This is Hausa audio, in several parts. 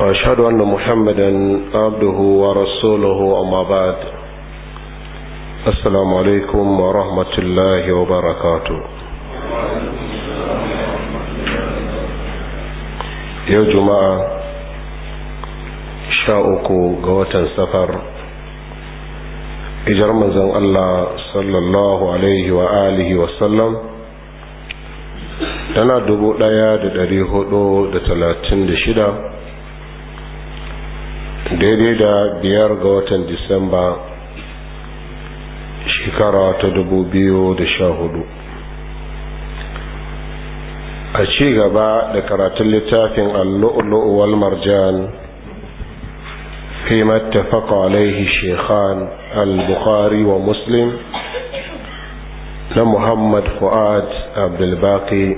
وأشهد أن محمدا عبده ورسوله أما بعد السلام عليكم ورحمة الله وبركاته يا جماعة شاءكم قوة سفر hijar manzon Allah sallallahu alaihi wa alihi wa sallam tana dubu ɗaya da dari hudu da talatin da shida daidai da biyar ga watan disamba shekara ta dubu biyu da sha hudu a ci gaba da karatun littafin allu'ulu'u wal marjan fi mattafaqa alaihi shekhan al-bukhari wa muslim na muhammad fu'ad abdulbaki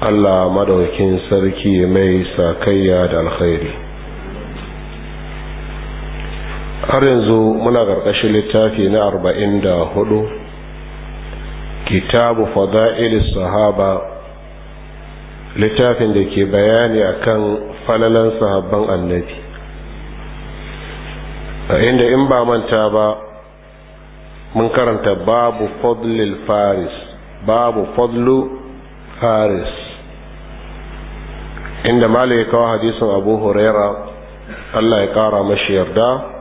allah madaukin sarki mai sakayya da alkhairi har yanzu muna ƙarƙashin littafi na arba'in da hudu kitabu fada'ilis sahaba littafin da ke bayani akan falalan sahabban annabi a inda in ba manta ba mun karanta babu fadlil faris babu fadlu faris inda malai kawo hadisin abu huraira allah ya kara mashi yarda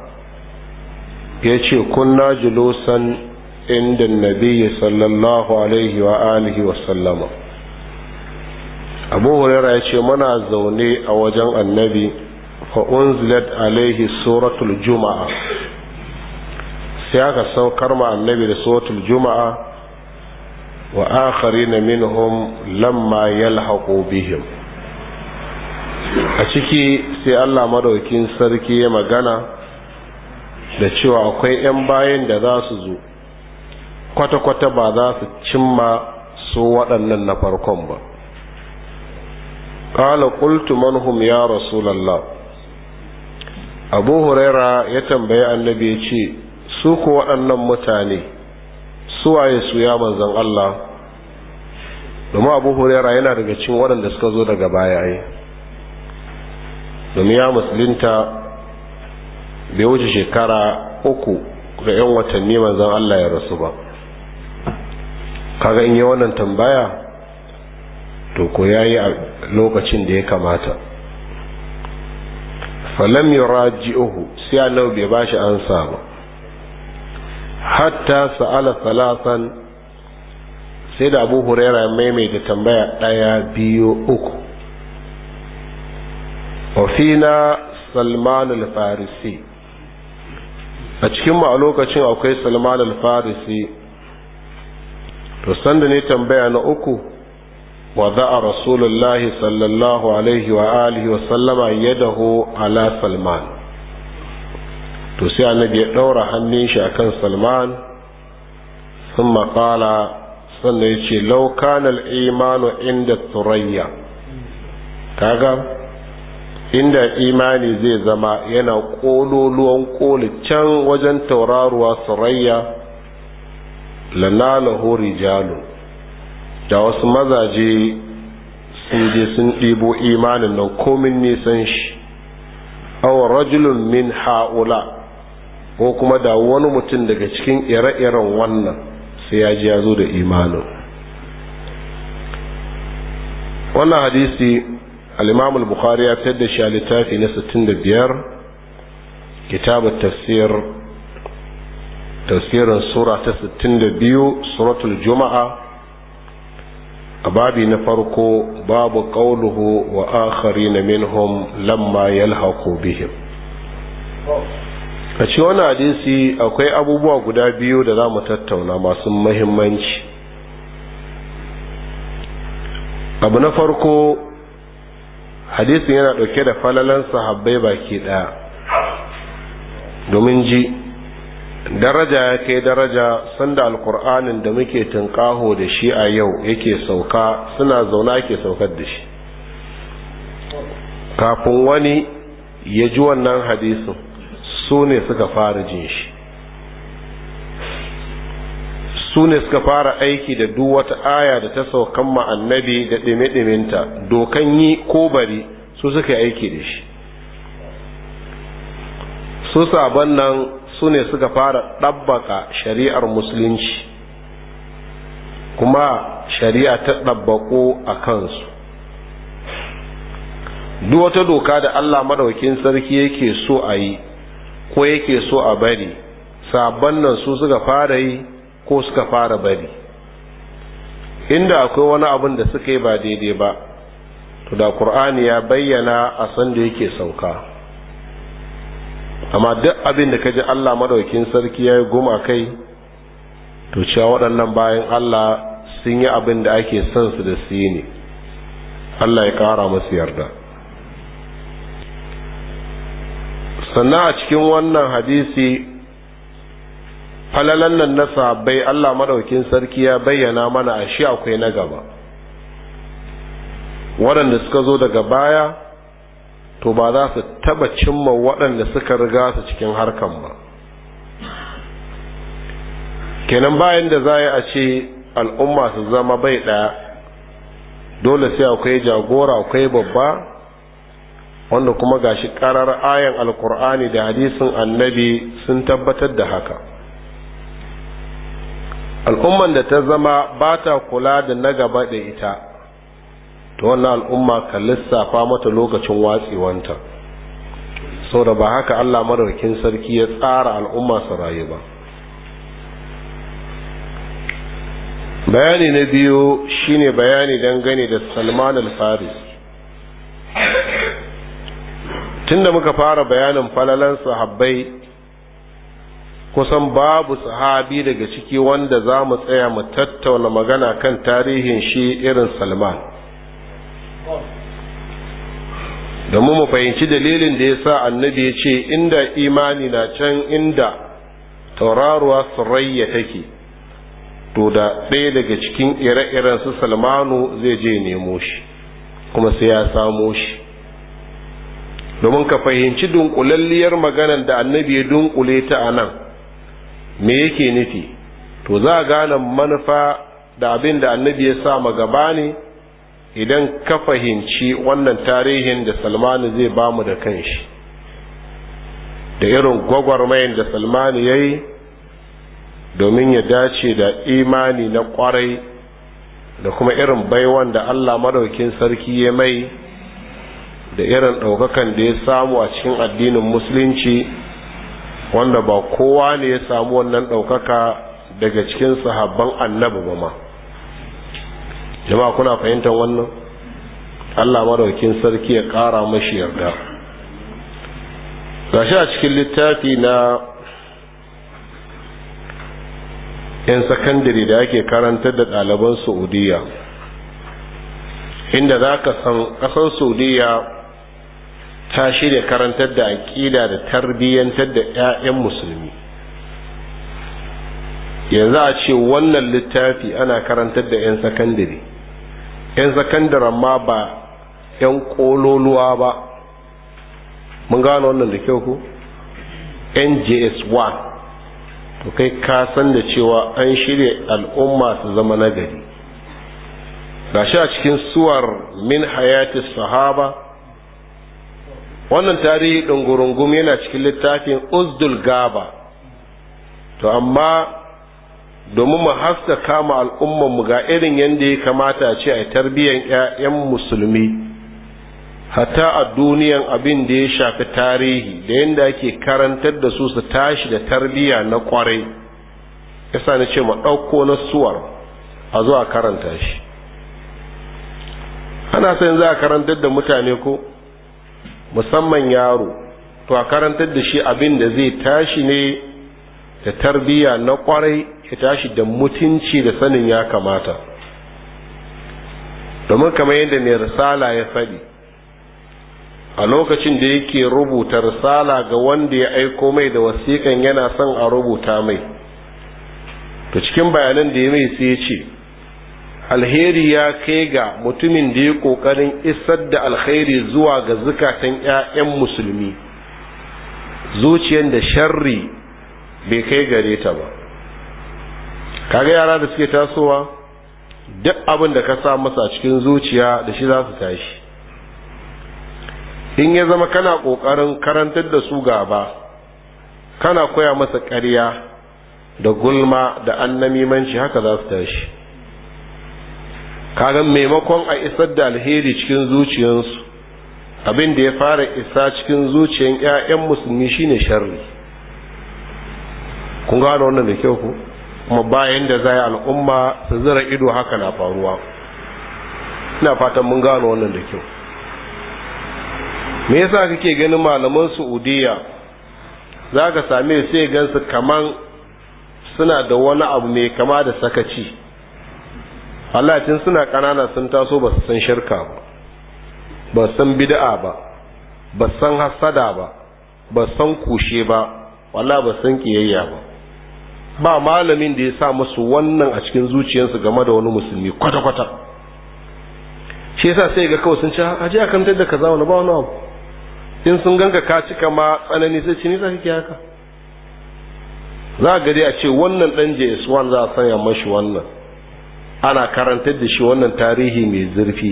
ya ce kunna julusan inda nabi sallallahu alaihi wa alihi wa sallama abu huraira ya ce muna zaune a wajen annabi fa unzilat alaihi suratul juma'a sai aka saukar ma annabi da suratul juma'a wa min minhum lamma yalhaqu bihim a ciki sai Allah madaukin sarki ya magana da cewa akwai 'yan bayan da za su zo kwata-kwata ba za su cimma su waɗannan na farkon ba ƙala ƙultu manhum ya rasulallah abu huraira ya tambayi annabi ya ce su ku waɗannan mutane suwaye su ya manzan Allah domin abu huraira yana daga cin waɗanda suka zo daga baya domin ya musulunta bai wuce shekara uku ga 'yan watanni manzan Allah ya rasu ba kaga in yi wannan tambaya to ko ya yi a lokacin da ya kamata falam uku, sai annabi bai bashi ansa ba hatta sa'ala salasan sai da abu huraira maimaita tambaya ɗaya biyu uku Ofina salman al-farisi a cikin mu a lokacin akwai salman al-farisi to sanda ne tambaya na uku wa za'a rasulullahi sallallahu alaihi wa alihi wa sallama yadahu ala salman to sai annabi ya daura hannun shi akan salman sun maƙala sannan ya ce laukanal imanu inda turayya kaga inda imani zai zama yana kololuwan ƙoli can wajen tauraruwa sarayya hori jalo da wasu mazaje sun je sun ɗibo imanin nan komin nisan shi aw rajulun min ha'ula ko kuma da wani mutum daga cikin ire-iren wannan sai ya ji ya zo da imanin wannan hadisi al-imam bukhari ya fitar da shi a littafi na 65 kitab at-tafsir tafsirin sura ta 62 suratul juma'a a babi na farko babu qauluhu wa akharina minhum lamma yalhaqu bihim a cikin wannan hadisi akwai abubuwa guda biyu da za mu tattauna masu muhimmanci abu na farko hadisin yana ɗauke da falalan sahabbai baki ɗaya domin ji daraja ya kai daraja sanda alkur'anin da muke tunƙaho da shi a yau yake sauka suna zauna ke saukar da shi kafin wani ya ji wannan hadisin su ne suka fara jin shi su ne suka fara aiki da duk wata aya da ta saukan ma da ɗime-ɗiminta dokan yi ko bari su suka aiki da shi su sabon nan su ne suka fara ɗabbaka shari'ar musulunci kuma shari'a ta ɗabbako a kansu duk wata doka da Allah maɗaukin sarki yake so a yi ko yake so a bari sabon nan su suka fara yi ko suka fara bari inda akwai wani abin da suka yi ba daidai ba to da qur'ani ya bayyana a san da yake sauka amma duk abin da ka ji Allah maɗaukin sarki ya yi goma kai to cewa waɗannan bayan Allah sun yi abin da ake son su da su yi ne Allah ya ƙara musu yarda sannan a cikin wannan hadisi falalan nan na sahabbai Allah madaukin sarki ya bayyana mana a shi akwai na gaba waɗanda suka zo daga baya to ba za su taba cimma waɗanda suka riga su cikin harkan ba kenan bayan da za a ce al'umma su zama bai ɗaya dole sai akwai jagora akwai babba wanda kuma gashi karar ayan alkur'ani da hadisin annabi sun tabbatar da haka al'umman da ta zama ba ta kula da na gaba da ita ta wannan al'umma ka lissafa mata lokacin watsewanta sau da ba haka allah mararkin sarki ya tsara al'umma su rayu ba bayani na biyu shine bayani dangane da salman al-faris tunda muka fara bayanin falalan sahabbai kusan babu sahabi daga ciki wanda za mu tsaya mu tattauna magana kan tarihin shi irin salman domin mu fahimci dalilin da ya sa annabi ya ce inda imani na can inda tauraruwa surayya take to da ɗaya daga cikin ire-iren su salmanu zai je nemo shi kuma sai ya samo shi domin ka fahimci dunkulalliyar maganar da annabi ya dunkule ta a nan me yake nufi to za a gane manufa da abin da annabi ya sa ma gaba ne idan ka fahimci wannan tarihin da salmanu zai bamu da kanshi da irin gwagwarmayin da salmanu ya yi domin ya dace da imani na kwarai da kuma irin baiwan da allah madaukin sarki ya mai da irin ɗaukakan da ya samu a cikin addinin musulunci wanda ba kowa ne ya samu wannan ɗaukaka daga cikin sahabban annabi ba ma jama'a kuna fahimtar wannan allah maraukin sarki ya ƙara mashi yarda gashi a cikin littafi na yan sakandare da ake karantar da ɗaliban saudiya inda za ka san ƙasar saudiya ta shirya karantar da aƙida da tarbiyyantar da 'ya'yan musulmi yanzu a ce wannan littafi ana karantar da 'yan sakandare 'yan sakandare ma ba 'yan kololuwa ba mun gano wannan da kyau ko njs1 to kai ka san da cewa an shirya al'umma su zama nagari gashi a cikin suwar min hayati sahaba wannan tarihi ɗungurungum yana cikin littafin uzdul gaba to amma domin mu haskaka ma mu ga irin yadda ya kamata ce a tarbiyyar 'ya'yan musulmi hatta a duniyan abin da ya shafi tarihi da yadda ake karantar da su su tashi da tarbiyya na kwarai yasa na ce mu ɗauko na suwar a zuwa karanta shi ana son za a karantar da mutane ko musamman yaro to a karantar da shi abin da zai tashi ne da tarbiyya na kwarai ya tashi da mutunci da sanin ya kamata domin kamar yadda mai risala ya faɗi a lokacin da yake rubuta risala ga wanda ya aiko mai da wasiƙan yana son a rubuta mai to cikin bayanan da ya mai sai ya ce alheri ya kai ga mutumin da ya ƙoƙarin isar da alheri zuwa ga zukatan 'ya'yan musulmi zuciyar da sharri bai kai gare ta ba kaga yara da suke tasowa duk abin da ka sa masa cikin zuciya da shi za su tashi in ya zama kana ƙoƙarin karantar da su gaba kana koya masa karya da gulma da annamimanci haka za su tashi kagan maimakon a isar da alheri cikin zuciyarsu abin da ya fara isa cikin zuciyar 'ya'yan musulmi shine sharri kun gano wannan da kyau ku kuma bayan da zai al'umma su zira ido haka na faruwa ina fatan mun gano wannan da kyau me yasa kake ganin malaman saudiya za ka same sai gansu kaman suna da wani abu mai kama da sakaci Allah tun suna ƙanana sun taso ba su san shirka ba ba san bid'a ba ba san hasada ba ba san kushe ba wallahi ba san kiyayya ba ba malamin da ya sa musu wannan a cikin zuciyarsu game da wani musulmi kwata-kwata shi yasa sai ga kawai sun ce a je a kamtar da kaza wani ba wani abu in sun ganka ka cika ma tsanani sai ci nisa kake haka za a gari a ce wannan dan js1 za a sanya mashi wannan ana karantar da shi wannan tarihi mai zurfi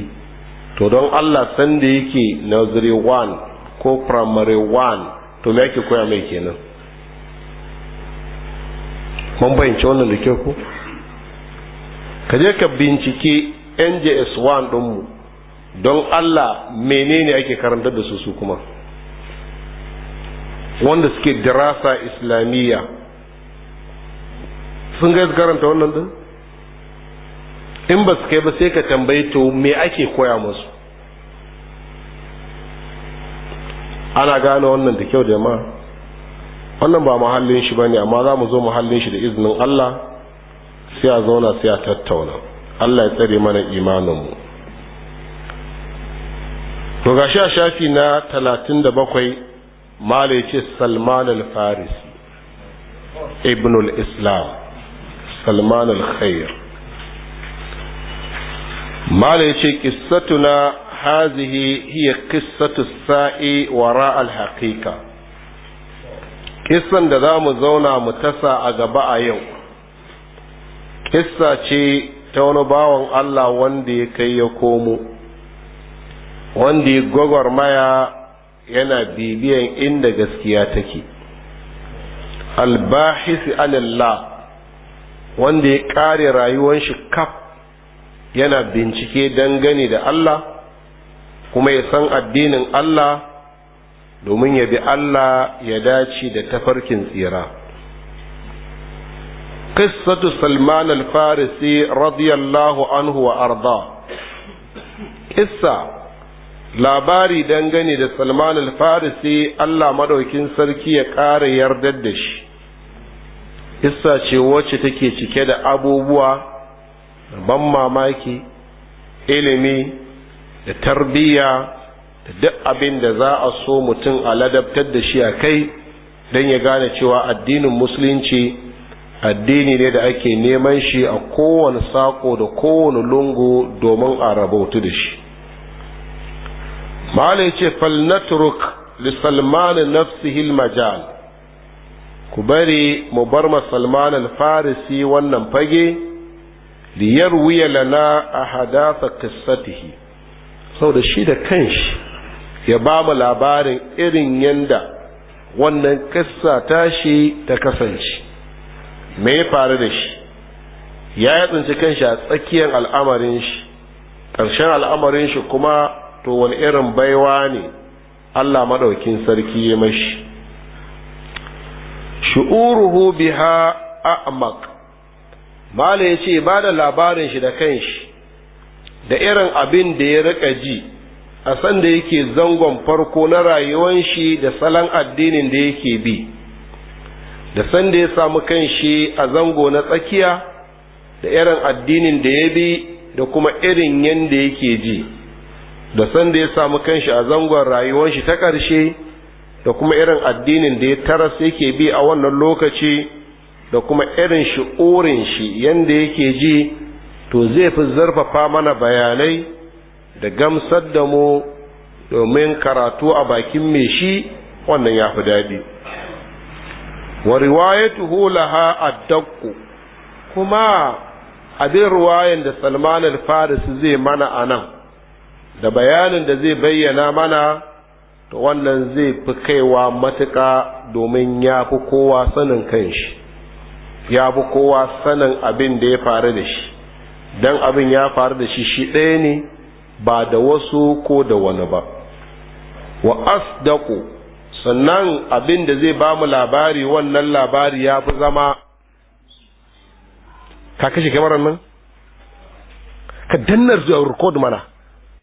to don Allah sanda yake nursery 1 ko primary 1 to me yake koya mai kenan mun bayyance wannan da kyau ko ka je ka bincike NJS 1 mu don Allah menene ake karantar da su su kuma wanda suke dirasa islamiyya sun ga karanta wannan din in ba su kai ba sai ka tambayi to me ake koya musu ana gane wannan da kyau jama'a wannan ba muhallin shi bane amma za mu zo muhallin shi da izinin Allah sai a zauna sai a tattauna Allah ya tsare mana imanin mu to gashi a shafi na 37 mala yace Salman al-Farisi ibn al-Islam Salman al-Khair mala ya ce kissatuna hazihi hiya kissatu sa'i wara al-haqiqa kissan da za mu zauna mu tasa a gaba a yau kissa ce ta wani bawan Allah wanda ya kai ya komo wanda ya maya yana bibiyan inda gaskiya take albahisi alillah wanda ya kare rayuwar shi kaf yana bincike dangane da Allah kuma ya san addinin Allah domin ya bi Allah ya dace da tafarkin tsira قصة al-Farisi radiyallahu anhu wa arda قصة labari dangane da Salman al-Farisi Allah madaukin sarki ya ƙara yardar da shi. Issa ce wacce take cike da abubuwa ban mamaki ilimi da tarbiyya da duk abin da za a so mutum a ladabtar da shi a kai don ya gane cewa addinin musulunci addini ne da ake neman shi a kowane sako da kowane lungu domin a rabautu da shi malai ce falnaturuk lisalmanin nafsihil majal ku bari mu bar ma farisi wannan fage ليروي لنا a hadasa sau da shi da kanshi ya ba mu labarin irin yanda wannan kissa tashi ta kasance me ya faru da shi ya yi tsinci kanshi a tsakiyar al'amarin shi ƙarshen al'amarin shi kuma to wani irin baiwa ne Allah maɗaukin sarki ya mashi shu'uruhu biha a'maq malam ya ce ba da labarin shi da kanshi da irin abin da ya rika ji a san da yake zangon farko na rayuwar shi da salon addinin da yake bi da san da ya samu kanshi a zango na tsakiya da irin addinin da ya bi da kuma irin yadda yake ji da san da ya samu kanshi a zangon rayuwar shi ta ƙarshe da kuma irin addinin da ya taras yake bi a wannan lokaci da kuma irin shi orin shi yanda yake ji to zai fi zarfafa mana bayanai da gamsar da mu domin karatu a bakin mai shi wannan ya fi daɗi wa riwayatuhu laha addaqu kuma abin ruwayan da Salman al-Faris zai mana anan da bayanin da zai bayyana mana to wannan zai fi kaiwa matuƙa domin ya fi kowa sanin kanshi ya bi kowa sanin abin da ya faru da shi dan abin ya faru da shi shi ɗaya ne ba da wasu ko da wani ba wa asdaku sannan abin da zai ba mu labari wannan labari ya fi zama ka kashe kamar nan ka dannar zuwa record mana